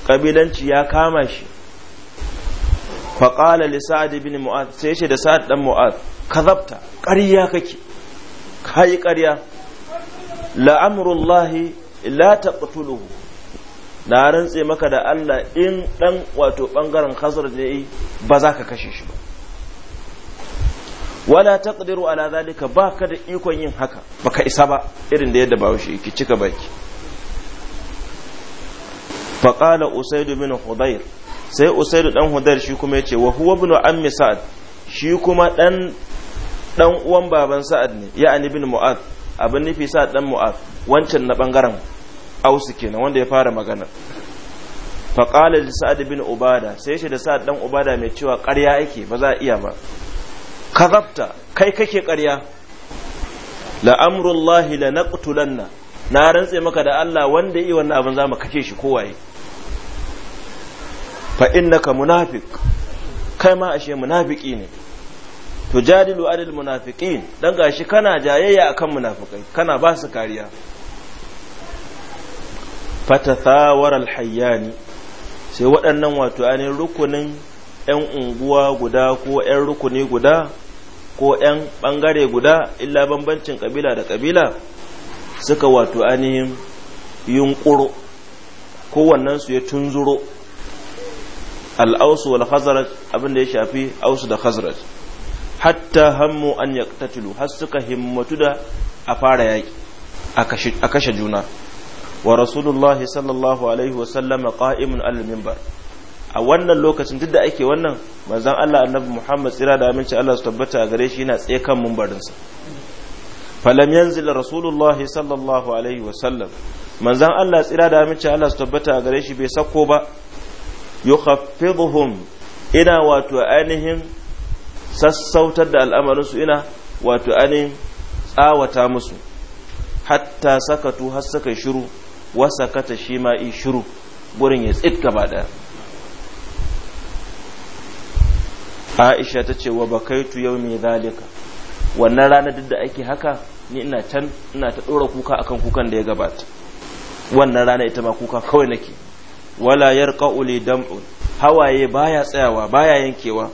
ƙabilanci ya kama shi faƙala li sa'ad bin mu'ad sai ce da sa'ad dan mu'ad ka kazabta ƙarya kake kayi ƙarya la amrullahi la na rantse maka da Allah in ɗan wato bangaren khazar yi ba za ka kashe shi ba wala wala ala zalika baka da ikon yin haka baka isa ba irin da yadda bawo shi ki cika baki faƙala usaidu bin hudayr sai usaidu dan hudayr shi kuma ya ce wa huwa ibn ammi sa'ad shi kuma dan dan uwan baban sa'ad ne ya'ani bin mu'ad abin nufi sa'ad dan mu'ad wancan na bangaren ausu kenan wanda ya fara magana faƙala da sa'ad bin ubada sai shi da sa'ad dan ubada mai cewa ƙarya ake ba za a iya ba kazabta kai kake ƙarya la amrullahi la naqtulanna na rantse maka da Allah wanda yi wannan abin zamu kashe shi kowaye fa innaka munafiq kai ma ashe munafiki ne tujadilu adil munafiqin dan gashi kana jayayya akan munafikai kana ba su kariya fatathawara alhayyani sai waɗannan wato ainihin rukunin 'yan unguwa guda ko ɗan rukuni guda ko ɗan ɓangare guda illa bambancin ƙabila da ƙabila suka wato ainihin yunƙuro kowannensu ya tunzuro al'ausu wal khazraj abin da ya shafi ausu da khazraj hatta hammu an yaqtatilu har suka himmatu da a fara yaƙi. a kashe juna wa rasulullah sallallahu alaihi wa sallama qa'imun al minbar a wannan lokacin duk da ake wannan manzon Allah annabi Muhammad tsira da aminci Allah su tabbata a gare shi yana tsaye kan sa. falam yanzil rasulullah sallallahu alaihi wa sallam manzon Allah tsira da aminci Allah su tabbata a gare shi bai sako ba yukhaffidhuhum ina wato ainihin sassautar da al'amarinsu ina wato ainihin tsawata musu hatta sakatu har suka shiru wa sakata shi ma in shiru gurin ya tsit gaba aisha ta ce wa bakaitu yau mai zalika wannan rana duk da ake haka ni ina can ina ta ɗora kuka akan kukan da ya gabata wannan rana ita ma kuka kawai nake wala yarqa'u li dam'un hawaye baya tsayawa baya yankewa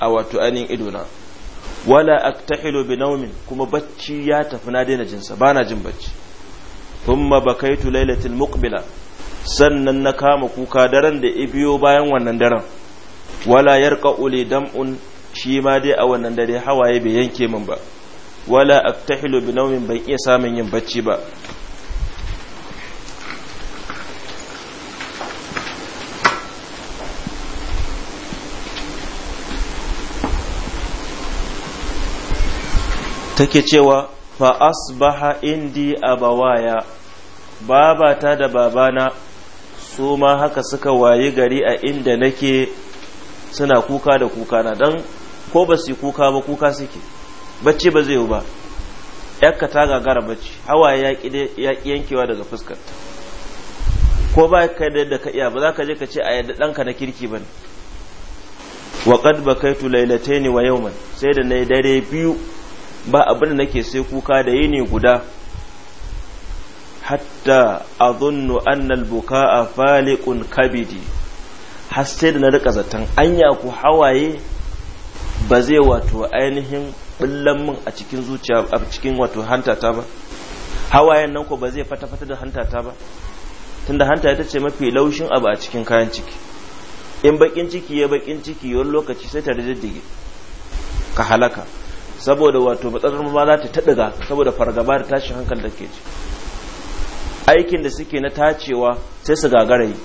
a wato ainihin idona wala aktahilu bi naumin kuma bacci ya tafi na daina jinsa bana jin bacci thumma bakaitu lailatin muqbila sannan na kama kuka daren da ibiyo bayan wannan daren wala yarqa'u li dam'un shi ma dai a wannan dare hawaye bai yanke min ba wala aktahilu bi naumin ban iya samun yin bacci ba take cewa fa asbaha indi abawaya babata da babana su ma haka suka wayi gari a inda nake suna kuka da kuka na dan ko ba su kuka ba kuka suke bacci ba zai yi ba yakka ta gagara bacci hawaye ya yankewa daga fuskarta ko ba ka da ka iya ba za ka je ka ce a yadda ɗanka na kirki ba ne wa qad bakaitu ne wa yawman sai da nayi dare biyu ba abin da nake sai kuka da yini guda hatta azunnu anna bukaa faliqun kabidi har sai da na rika zaton anya ku hawaye ba zai wato ainihin billan min a cikin zuciya a cikin wato hantata ba hawayen nan ko ba zai fata fata da hantata ba tunda hanta ita ce mafi laushin abu a cikin kayan ciki in bakin ciki ya bakin ciki yawan lokaci sai ta da jiddige ka halaka saboda wato matsalar ma za ta taɗiga saboda fargaba da tashin hankali da ke ci aikin da suke na tacewa sai su gagara yi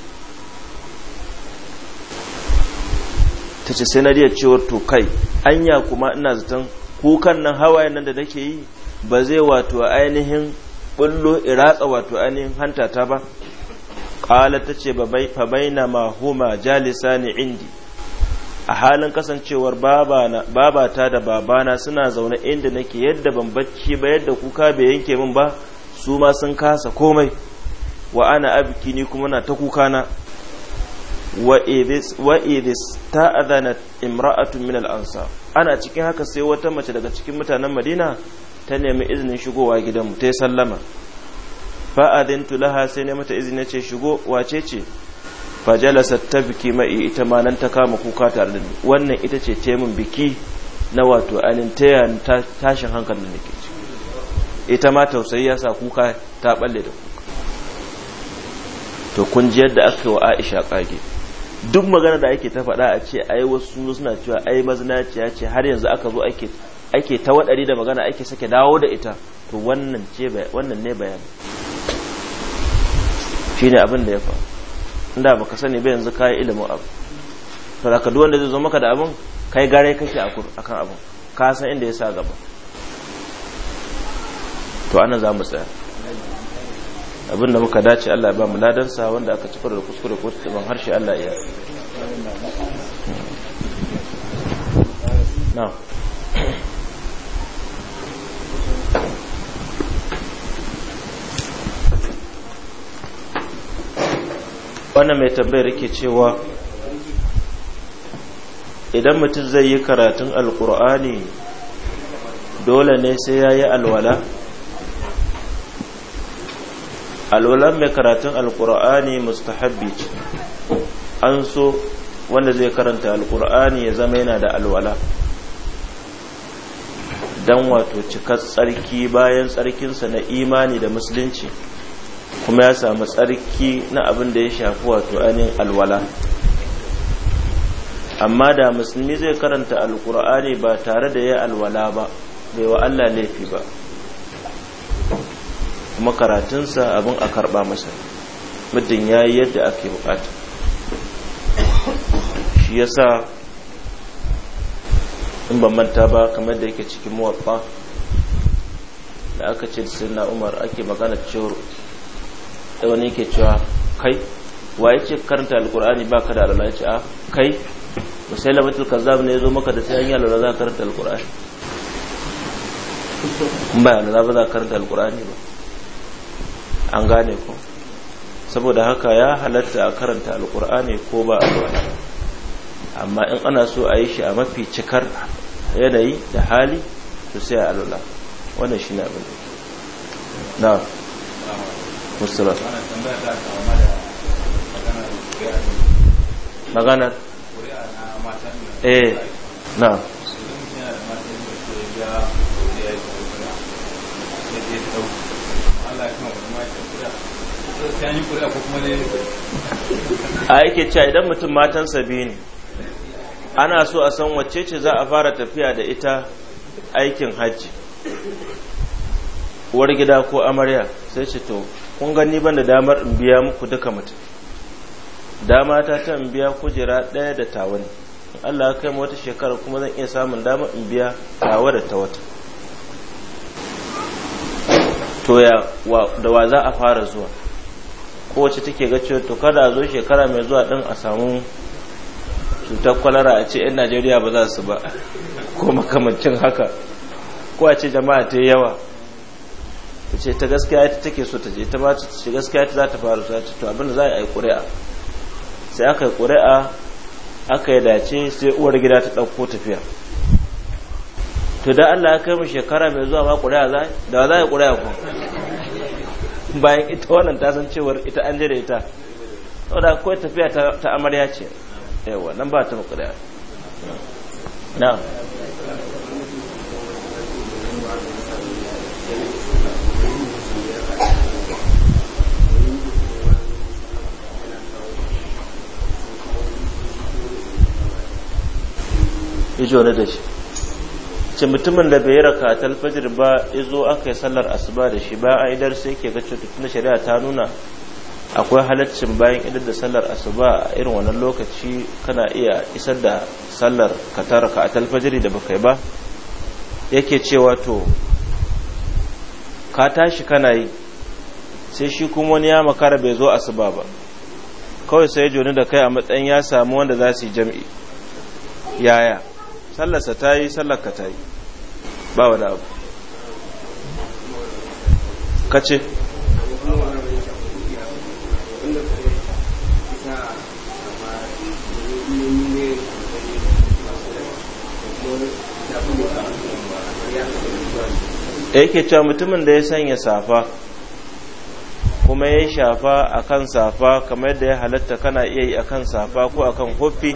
ta ce sai na cewar to kai anya kuma ina zaton kukan nan hawaye nan da nake yi ba zai wato ainihin bullo iratsa wato ainihin hanta ta ba ƙala ta ce fa baina ma jalisa ne indi a halin kasancewar babata da babana suna zaune inda nake yadda ban bacci ba yadda kuka bai yanke min ba su ma sun kasa komai wa ana abiki ni kuma na ta kuka na wa iris ta adana imra'atun min al'ansa ana cikin haka sai wata mace daga cikin mutanen madina ta nemi izinin shigowa gidanmu ta yi sallama fa'adintu laha sai ne mata izini ce shigo wace ce fajalasa ta biki mai ita ma nan ta kama kuka tare da wannan ita ce temun biki na wato anin taya tashin hankalin da ke ciki ita ma tausayi ya sa kuka ta balle da kuka to kun ji yadda aka wa Aisha kage duk magana da ake ta faɗa a ce ai wasu suna cewa ai mazinaciya ce har yanzu aka zo ake ake ta wadari da magana ake sake dawo da ita to wannan ce wannan ne bayani shine abin da ya faru inda baka sani ba yanzu kai ilimin abu to da ka duk wanda zai zo maka da abun kai gare kake a akan abun ka san inda ya gaba to ana za mu tsaya abinda muka dace Allah ya ba mu sa wanda aka ci da kuskure ko ban harshe Allah ya na wannan mai tambayar yake cewa idan mutum zai yi karatun alkur'ani dole ne sai ya yi alwala alwalan mai karatun alkur'ani mustahabbi ce an so wanda zai karanta alkur'ani ya zama yana da alwala don wato cikar tsarki bayan tsarkinsa na imani da musulunci kuma ya samu tsarki na abin da ya shafi wato ainihin alwala amma da musulmi zai karanta alkur'ani ba tare da ya alwala ba bai wa Allah laifi ba kuma karatunsa abin a karba masa muddin ya yi yadda ake bukata shi ya sa in ban manta ba kamar da yake cikin muwaffa da aka ce da na umar ake magana cewar sai wani yake cewa kai wa yake karanta alkur'ani baka da alwala yace a ah, kai musailamatul kazzab ne yazo maka da sai an yi alwala za ka karanta alkur'ani in ba alwala ba za ka karanta alkur'ani ba an gane ko saboda haka ya halatta a karanta alkur'ani ko ba alwala amma in ana so a yi shi a mafi cikar yanayi da hali to sai a alwala wannan shi ne abin da na musulun maganar eh, a yake cewa idan mutum matansa biyu ne ana so a san wacce ce za a fara tafiya da ita aikin hajji uwar gida ko amarya sai ce to kun gani ban da damar in biya muku duka mutum dama ta ta in biya kujera ɗaya da tawa ne Allah ya kai wata shekara kuma zan iya samun dama in biya tawa da ta to ya da wa za a fara zuwa kowace take ga cewa to kada a zo shekara mai zuwa din a samu cutar kwalara a ce 'yan najeriya ba za su ba ko makamancin haka ko a ce jama'a ta yawa ta ce ta gaskiya ita take so ta je ta ba ta ce gaskiya ita za ta faru ta ce to abinda za a yi ƙuri'a sai aka yi ƙuri'a aka yi dace sai uwar gida ta ɗauko tafiya to da Allah ya kai mu shekara mai zuwa ba ƙuri'a za da za a yi ƙuri'a ko bayan ita wannan ta san cewar ita an je da ita saboda ko tafiya ta amarya ce yawa nan ba ta ƙuri'a na'am ijo ne da shi ce mutumin da bai yi raka talfajir ba ya zo aka yi sallar asuba da shi ba a idar sai ke ga cututtun da shari'a ta nuna akwai halaccin bayan idar da sallar asuba a irin wannan lokaci kana iya isar da sallar ka ta raka a da baka yi ba yake cewa to ka tashi kana yi sai shi kuma wani ya makara bai zo asuba ba kawai sai ya joni da kai a matsayin ya samu wanda za su yi jam'i yaya sallarsa ta yi sallarka ta yi ba wani abu ka ce da yake cewa mutumin da ya sanya safa kuma ya shafa akan safa kamar da ya halatta kana iya yi akan safa ko akan kofi.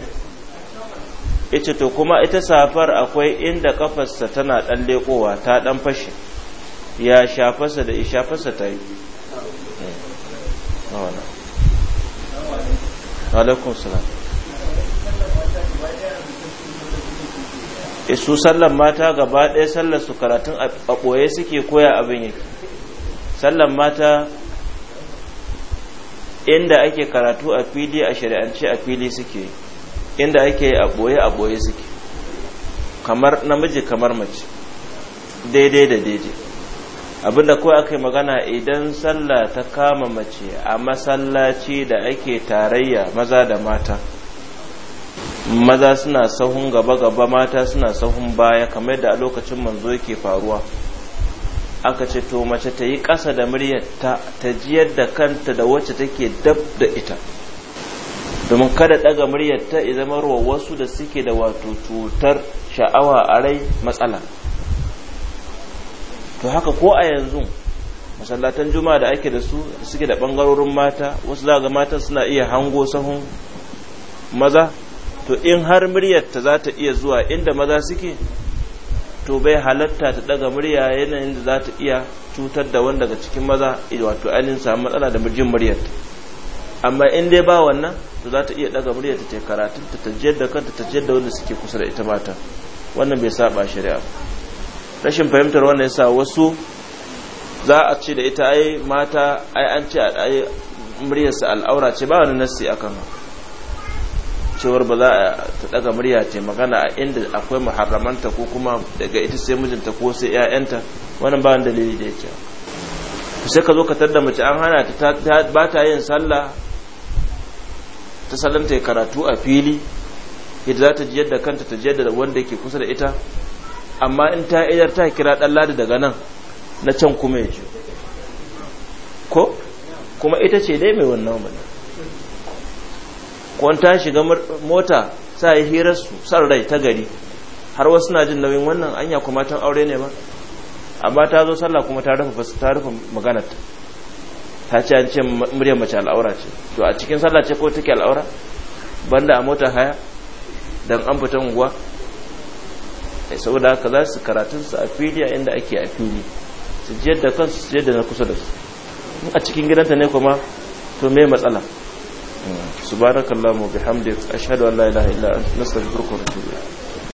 yace to kuma ita safar akwai inda kafarsa tana dan lekowa ta dan fashe ya shafarsa da ishafarsa ta yi eh. alaikun salam eh, su sallan mata gaba ɗaya sallar su karatun a ɓoye suke koya abin yake sallan mata inda ake karatu a fili a shari'ance a fili suke yi inda ake yi a ɓoye a ɓoye suke kamar namiji kamar mace daidai da daidai abinda kawai aka magana idan sallah ta kama mace a masallaci da ake tarayya maza da mata maza suna sahun gaba-gaba mata suna sahun baya kamar da a lokacin manzo ke faruwa aka ce to mace ta yi ƙasa da muryarta ta jiyar da kanta da wacce take dab da ita domin kada daga muryar ta izamarwa ruwa wasu da suke da wato cutar sha'awa a rai matsala to haka ko a yanzu masallatan juma'a da ake da su suke da bangarorin mata wasu za mata suna iya hango sahun maza to in har muryar ta za ta iya zuwa inda maza suke to bai halatta ta daga murya yanayin da za ta iya cutar da wanda daga cikin maza wato ainihin samu matsala da jin muryarta amma in dai ba wannan to za ta iya daga murya ta karatun ta tajiyar da kanta ta tajiyar da wanda suke kusa da ita mata wannan bai saba shari'a rashin fahimtar wannan yasa wasu za a ce da ita ai mata ai an ce ai muryarsa al'aura ce ba wani nassi akan cewar ba za ta daga murya ce magana a inda akwai muharramanta ko kuma daga ita sai mijinta ko sai ƴaƴanta wannan ba wani dalili da yake sai ka zo ka tarda mace an hana ta ba ta yin sallah ta salon ta karatu a fili yadda za ta jiyar da kanta ta jiyar da wanda yake kusa da ita amma in ta idar ta kira ɗan ladi daga nan na can kuma ya ji ko kuma ita ce dai mai wannan wani kwanta shiga mota sa yi hirar su san rai ta gari har wasu na jin nauyin wannan anya kuma tan aure ne ba amma ta zo sallah kuma ta rufe maganarta ta ce an ce muryar mace al'aura ce to a cikin sallah ce ko take al'aura banda a motar haya dan an fita unguwa sai eh, saboda haka za su karatun su a fili a inda ake a fili su jiyar da kansu su jiyar da na kusa da su a cikin gidanta ne kuma to me matsala hmm. subhanakallahumma bihamdika ashhadu an la ilaha illa anta nastaghfiruka wa atubu ilaik